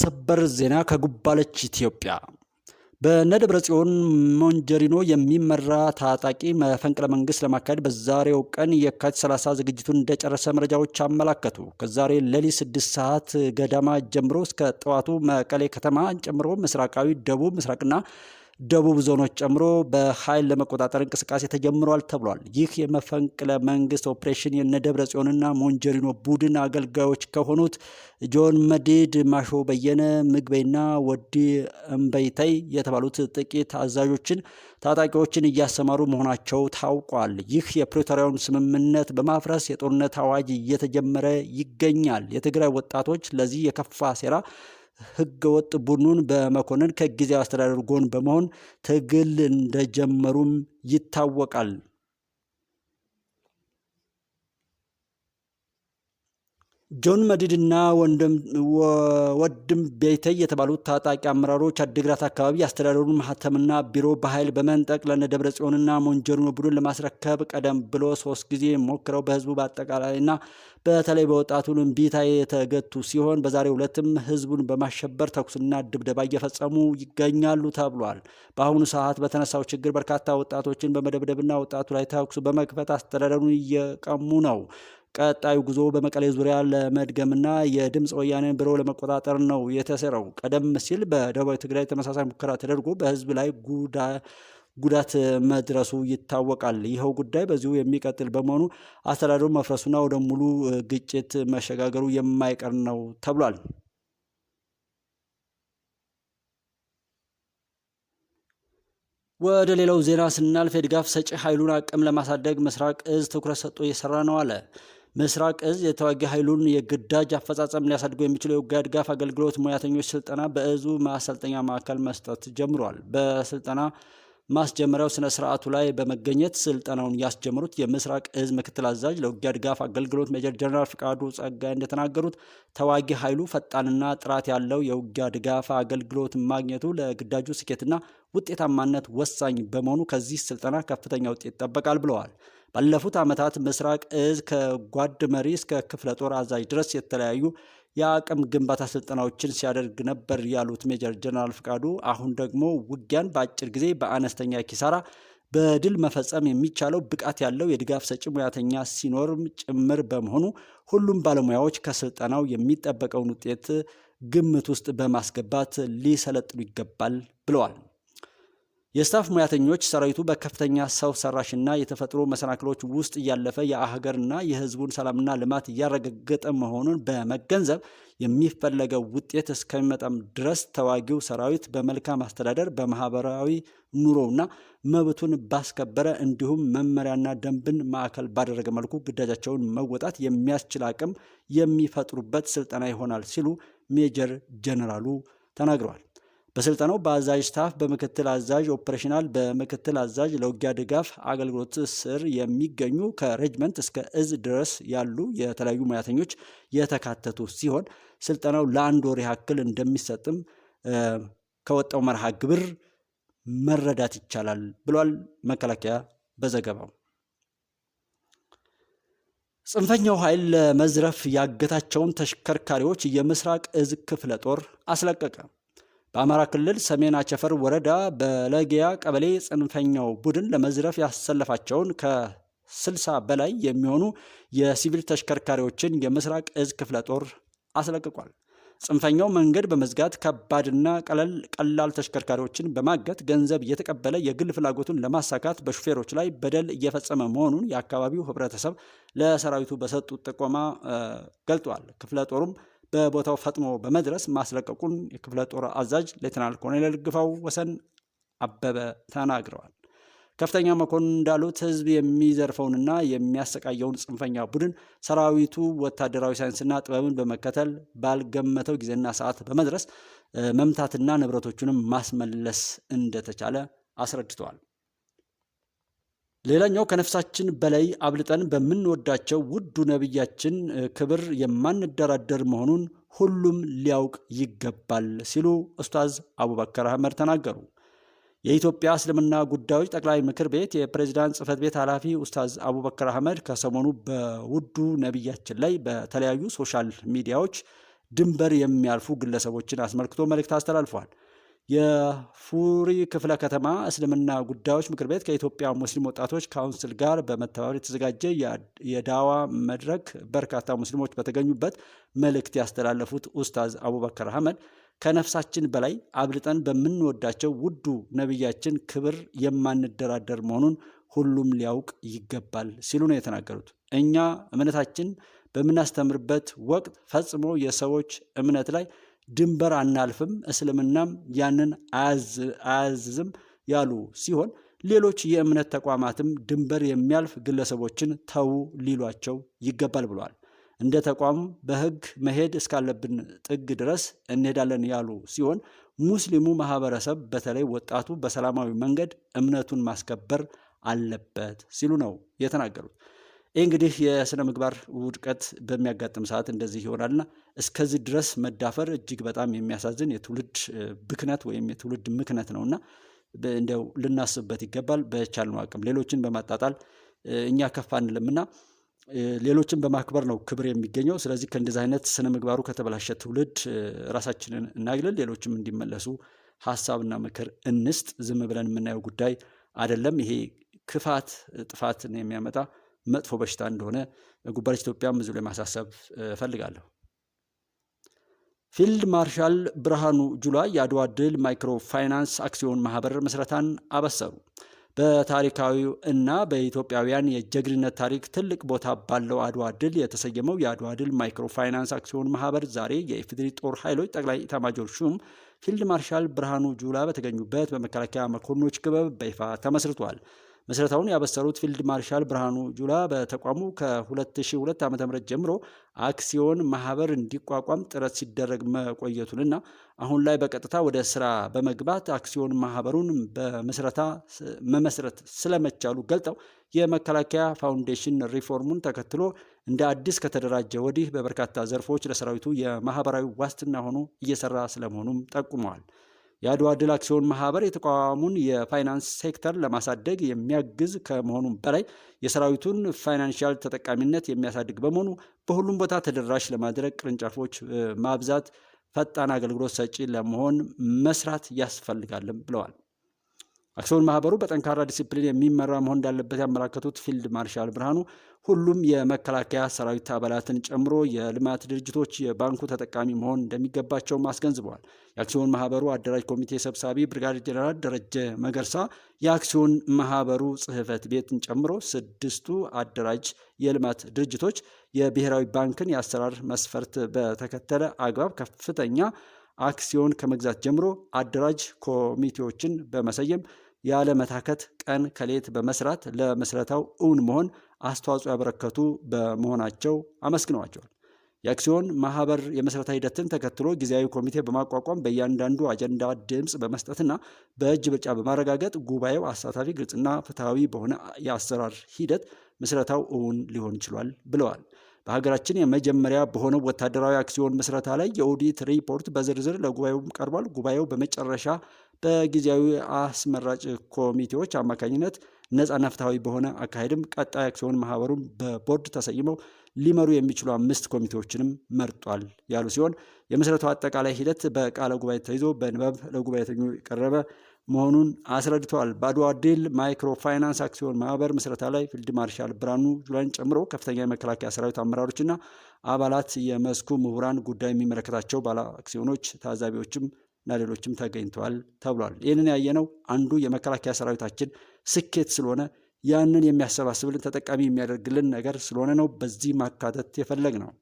ሰበር ዜና ከጉባለች ኢትዮጵያ። በነደብረ ጽዮን ሞንጀሪኖ የሚመራ ታጣቂ መፈንቅለ መንግስት ለማካሄድ በዛሬው ቀን የካቲት 30 ዝግጅቱን እንደጨረሰ መረጃዎች አመላከቱ። ከዛሬ ሌሊት 6 ሰዓት ገደማ ጀምሮ እስከ ጠዋቱ መቀሌ ከተማ ጨምሮ ምስራቃዊ፣ ደቡብ ምስራቅና ደቡብ ዞኖች ጨምሮ በኃይል ለመቆጣጠር እንቅስቃሴ ተጀምሯል ተብሏል። ይህ የመፈንቅለ መንግስት ኦፕሬሽን የነደብረ ጽዮንና ሞንጀሪኖ ቡድን አገልጋዮች ከሆኑት ጆን መዲድ፣ ማሾ በየነ፣ ምግበይና ወዲ እምበይተይ የተባሉት ጥቂት አዛዦችን ታጣቂዎችን እያሰማሩ መሆናቸው ታውቋል። ይህ የፕሪቶሪያውን ስምምነት በማፍረስ የጦርነት አዋጅ እየተጀመረ ይገኛል። የትግራይ ወጣቶች ለዚህ የከፋ ሴራ ህገወጥ ቡድኑን በመኮንን ከጊዜያዊ አስተዳደር ጎን በመሆን ትግል እንደጀመሩም ይታወቃል። ጆን መዲድና ወንድም ቤተይ የተባሉት ታጣቂ አመራሮች አድግራት አካባቢ የአስተዳደሩን ማህተምና ቢሮ በኃይል በመንጠቅ ለነ ደብረ ጽዮንና ሞንጀሪኖ ቡድን ለማስረከብ ቀደም ብሎ ሶስት ጊዜ ሞክረው በህዝቡ በአጠቃላይና በተለይ በወጣቱ እምቢታ የተገቱ ሲሆን በዛሬው ዕለትም ህዝቡን በማሸበር ተኩስና ድብደባ እየፈጸሙ ይገኛሉ ተብሏል። በአሁኑ ሰዓት በተነሳው ችግር በርካታ ወጣቶችን በመደብደብና ወጣቱ ላይ ተኩስ በመክፈት አስተዳደሩን እየቀሙ ነው። ቀጣዩ ጉዞ በመቀሌ ዙሪያ ለመድገምና የድምፅ ወያኔን ብሮ ለመቆጣጠር ነው የተሰራው። ቀደም ሲል በደቡባዊ ትግራይ ተመሳሳይ ሙከራ ተደርጎ በህዝብ ላይ ጉዳ ጉዳት መድረሱ ይታወቃል። ይኸው ጉዳይ በዚሁ የሚቀጥል በመሆኑ አስተዳደሩ መፍረሱና ወደ ሙሉ ግጭት መሸጋገሩ የማይቀር ነው ተብሏል። ወደ ሌላው ዜና ስናልፍ የድጋፍ ሰጪ ኃይሉን አቅም ለማሳደግ ምስራቅ እዝ ትኩረት ሰጥቶ እየሰራ ነው አለ። ምስራቅ እዝ የተዋጊ ኃይሉን የግዳጅ አፈጻጸም ሊያሳድገው የሚችለው የውጊያ ድጋፍ አገልግሎት ሙያተኞች ስልጠና በእዙ ማሰልጠኛ ማዕከል መስጠት ጀምሯል። በስልጠና ማስጀመሪያው ስነ ስርዓቱ ላይ በመገኘት ስልጠናውን ያስጀምሩት የምስራቅ እዝ ምክትል አዛዥ ለውጊያ ድጋፍ አገልግሎት ሜጀር ጀነራል ፍቃዱ ጸጋይ እንደተናገሩት ተዋጊ ኃይሉ ፈጣንና ጥራት ያለው የውጊያ ድጋፍ አገልግሎት ማግኘቱ ለግዳጁ ስኬትና ውጤታማነት ወሳኝ በመሆኑ ከዚህ ስልጠና ከፍተኛ ውጤት ይጠበቃል ብለዋል። ባለፉት ዓመታት ምስራቅ እዝ ከጓድ መሪ እስከ ክፍለ ጦር አዛዥ ድረስ የተለያዩ የአቅም ግንባታ ስልጠናዎችን ሲያደርግ ነበር ያሉት ሜጀር ጀነራል ፍቃዱ አሁን ደግሞ ውጊያን በአጭር ጊዜ በአነስተኛ ኪሳራ በድል መፈጸም የሚቻለው ብቃት ያለው የድጋፍ ሰጪ ሙያተኛ ሲኖርም ጭምር በመሆኑ ሁሉም ባለሙያዎች ከስልጠናው የሚጠበቀውን ውጤት ግምት ውስጥ በማስገባት ሊሰለጥኑ ይገባል ብለዋል። የስታፍ ሙያተኞች ሰራዊቱ በከፍተኛ ሰው ሰራሽና የተፈጥሮ መሰናክሎች ውስጥ እያለፈ የሀገርና የሕዝቡን ሰላምና ልማት እያረጋገጠ መሆኑን በመገንዘብ የሚፈለገው ውጤት እስከሚመጣም ድረስ ተዋጊው ሰራዊት በመልካም አስተዳደር በማህበራዊ ኑሮውና መብቱን ባስከበረ እንዲሁም መመሪያና ደንብን ማዕከል ባደረገ መልኩ ግዳጃቸውን መወጣት የሚያስችል አቅም የሚፈጥሩበት ስልጠና ይሆናል ሲሉ ሜጀር ጀነራሉ ተናግረዋል። በስልጠናው በአዛዥ ስታፍ፣ በምክትል አዛዥ ኦፕሬሽናል፣ በምክትል አዛዥ ለውጊያ ድጋፍ አገልግሎት ስር የሚገኙ ከሬጅመንት እስከ እዝ ድረስ ያሉ የተለያዩ ሙያተኞች የተካተቱ ሲሆን ስልጠናው ለአንድ ወር ያክል እንደሚሰጥም ከወጣው መርሃ ግብር መረዳት ይቻላል ብሏል መከላከያ በዘገባው። ጽንፈኛው ኃይል ለመዝረፍ ያገታቸውን ተሽከርካሪዎች የምስራቅ እዝ ክፍለ ጦር አስለቀቀ። በአማራ ክልል ሰሜን አቸፈር ወረዳ በለጊያ ቀበሌ ጽንፈኛው ቡድን ለመዝረፍ ያሰለፋቸውን ከስልሳ በላይ የሚሆኑ የሲቪል ተሽከርካሪዎችን የምስራቅ እዝ ክፍለ ጦር አስለቅቋል። ጽንፈኛው መንገድ በመዝጋት ከባድና ቀላል ተሽከርካሪዎችን በማገት ገንዘብ እየተቀበለ የግል ፍላጎቱን ለማሳካት በሹፌሮች ላይ በደል እየፈጸመ መሆኑን የአካባቢው ህብረተሰብ ለሰራዊቱ በሰጡት ጥቆማ ገልጧል። ክፍለ ጦሩም በቦታው ፈጥኖ በመድረስ ማስለቀቁን የክፍለ ጦር አዛዥ ሌተናል ኮሎኔል ግፋው ወሰን አበበ ተናግረዋል። ከፍተኛ መኮንን እንዳሉት ህዝብ የሚዘርፈውንና የሚያሰቃየውን ጽንፈኛ ቡድን ሰራዊቱ ወታደራዊ ሳይንስና ጥበብን በመከተል ባልገመተው ጊዜና ሰዓት በመድረስ መምታትና ንብረቶቹንም ማስመለስ እንደተቻለ አስረድተዋል። ሌላኛው ከነፍሳችን በላይ አብልጠን በምንወዳቸው ውዱ ነቢያችን ክብር የማንደራደር መሆኑን ሁሉም ሊያውቅ ይገባል ሲሉ ኡስታዝ አቡበከር አህመድ ተናገሩ። የኢትዮጵያ እስልምና ጉዳዮች ጠቅላይ ምክር ቤት የፕሬዚዳንት ጽህፈት ቤት ኃላፊ ኡስታዝ አቡበከር አህመድ ከሰሞኑ በውዱ ነቢያችን ላይ በተለያዩ ሶሻል ሚዲያዎች ድንበር የሚያልፉ ግለሰቦችን አስመልክቶ መልእክት አስተላልፏል። የፉሪ ክፍለ ከተማ እስልምና ጉዳዮች ምክር ቤት ከኢትዮጵያ ሙስሊም ወጣቶች ካውንስል ጋር በመተባበር የተዘጋጀ የዳዋ መድረክ በርካታ ሙስሊሞች በተገኙበት መልእክት ያስተላለፉት ኡስታዝ አቡበከር አህመድ ከነፍሳችን በላይ አብልጠን በምንወዳቸው ውዱ ነቢያችን ክብር የማንደራደር መሆኑን ሁሉም ሊያውቅ ይገባል ሲሉ ነው የተናገሩት። እኛ እምነታችን በምናስተምርበት ወቅት ፈጽሞ የሰዎች እምነት ላይ ድንበር አናልፍም፣ እስልምናም ያንን አያዝዝም ያሉ ሲሆን ሌሎች የእምነት ተቋማትም ድንበር የሚያልፍ ግለሰቦችን ተዉ ሊሏቸው ይገባል ብለዋል። እንደ ተቋሙ በህግ መሄድ እስካለብን ጥግ ድረስ እንሄዳለን ያሉ ሲሆን ሙስሊሙ ማህበረሰብ በተለይ ወጣቱ በሰላማዊ መንገድ እምነቱን ማስከበር አለበት ሲሉ ነው የተናገሩት። ይህ እንግዲህ የስነ ምግባር ውድቀት በሚያጋጥም ሰዓት እንደዚህ ይሆናልና እስከዚህ ድረስ መዳፈር እጅግ በጣም የሚያሳዝን የትውልድ ብክነት ወይም የትውልድ ምክነት ነውና እንደው ልናስብበት ይገባል። በቻልነው አቅም ሌሎችን በማጣጣል እኛ ከፍ አንልምና ሌሎችን በማክበር ነው ክብር የሚገኘው። ስለዚህ ከእንደዚህ አይነት ስነ ምግባሩ ከተበላሸ ትውልድ ራሳችንን እናግልል፣ ሌሎችም እንዲመለሱ ሀሳብና ምክር እንስጥ። ዝም ብለን የምናየው ጉዳይ አይደለም። ይሄ ክፋት ጥፋትን የሚያመጣ መጥፎ በሽታ እንደሆነ ጉባለች ኢትዮጵያ ብዙ ላይ ማሳሰብ እፈልጋለሁ። ፊልድ ማርሻል ብርሃኑ ጁላ የአድዋ ድል ማይክሮ ፋይናንስ አክሲዮን ማህበር ምስረታን አበሰሩ። በታሪካዊው እና በኢትዮጵያውያን የጀግንነት ታሪክ ትልቅ ቦታ ባለው አድዋ ድል የተሰየመው የአድዋ ድል ማይክሮ ፋይናንስ አክሲዮን ማህበር ዛሬ የኢፌዴሪ ጦር ኃይሎች ጠቅላይ ኢታማጆር ሹም ፊልድ ማርሻል ብርሃኑ ጁላ በተገኙበት በመከላከያ መኮንኖች ክበብ በይፋ ተመስርቷል። ምስረታውን ያበሰሩት ፊልድ ማርሻል ብርሃኑ ጁላ በተቋሙ ከ2002 ዓ.ም ጀምሮ አክሲዮን ማህበር እንዲቋቋም ጥረት ሲደረግ መቆየቱንና አሁን ላይ በቀጥታ ወደ ስራ በመግባት አክሲዮን ማህበሩን በምስረታ መመስረት ስለመቻሉ ገልጠው የመከላከያ ፋውንዴሽን ሪፎርሙን ተከትሎ እንደ አዲስ ከተደራጀ ወዲህ በበርካታ ዘርፎች ለሰራዊቱ የማህበራዊ ዋስትና ሆኖ እየሰራ ስለመሆኑም ጠቁመዋል። የአድዋ ድል አክሲዮን ማህበር የተቋሙን የፋይናንስ ሴክተር ለማሳደግ የሚያግዝ ከመሆኑም በላይ የሰራዊቱን ፋይናንሻል ተጠቃሚነት የሚያሳድግ በመሆኑ በሁሉም ቦታ ተደራሽ ለማድረግ ቅርንጫፎች ማብዛት፣ ፈጣን አገልግሎት ሰጪ ለመሆን መስራት ያስፈልጋልም ብለዋል። አክሲዮን ማህበሩ በጠንካራ ዲሲፕሊን የሚመራ መሆን እንዳለበት ያመላከቱት ፊልድ ማርሻል ብርሃኑ ሁሉም የመከላከያ ሰራዊት አባላትን ጨምሮ የልማት ድርጅቶች የባንኩ ተጠቃሚ መሆን እንደሚገባቸውም አስገንዝበዋል። የአክሲዮን ማህበሩ አደራጅ ኮሚቴ ሰብሳቢ ብርጋዴር ጄኔራል ደረጀ መገርሳ የአክሲዮን ማህበሩ ጽህፈት ቤትን ጨምሮ ስድስቱ አደራጅ የልማት ድርጅቶች የብሔራዊ ባንክን የአሰራር መስፈርት በተከተለ አግባብ ከፍተኛ አክሲዮን ከመግዛት ጀምሮ አደራጅ ኮሚቴዎችን በመሰየም ያለመታከት ቀን ከሌት በመስራት ለመስረታው እውን መሆን አስተዋጽኦ ያበረከቱ በመሆናቸው አመስግነዋቸዋል። የአክሲዮን ማህበር የመስረታ ሂደትን ተከትሎ ጊዜያዊ ኮሚቴ በማቋቋም በእያንዳንዱ አጀንዳ ድምፅ በመስጠትና በእጅ ብልጫ በማረጋገጥ ጉባኤው አሳታፊ፣ ግልጽና ፍትሐዊ በሆነ የአሰራር ሂደት ምስረታው እውን ሊሆን ችሏል ብለዋል። በሀገራችን የመጀመሪያ በሆነው ወታደራዊ አክሲዮን ምስረታ ላይ የኦዲት ሪፖርት በዝርዝር ለጉባኤውም ቀርቧል። ጉባኤው በመጨረሻ በጊዜያዊ አስመራጭ ኮሚቴዎች አማካኝነት ነፃና ፍትሐዊ በሆነ አካሄድም ቀጣይ አክሲዮን ማህበሩን በቦርድ ተሰይመው ሊመሩ የሚችሉ አምስት ኮሚቴዎችንም መርጧል ያሉ ሲሆን የምስረታው አጠቃላይ ሂደት በቃለ ጉባኤ ተይዞ በንባብ ለጉባኤተኞች የቀረበ መሆኑን አስረድተዋል። በአድዋ ድል ማይክሮ ፋይናንስ አክሲዮን ማህበር ምስረታ ላይ ፊልድ ማርሻል ብርሃኑ ጁላን ጨምሮ ከፍተኛ የመከላከያ ሰራዊት አመራሮችና አባላት፣ የመስኩ ምሁራን፣ ጉዳይ የሚመለከታቸው ባለ አክሲዮኖች፣ ታዛቢዎችም እና ሌሎችም ተገኝተዋል ተብሏል። ይህንን ያየነው አንዱ የመከላከያ ሰራዊታችን ስኬት ስለሆነ ያንን የሚያሰባስብልን ተጠቃሚ የሚያደርግልን ነገር ስለሆነ ነው። በዚህ ማካተት የፈለግ ነው።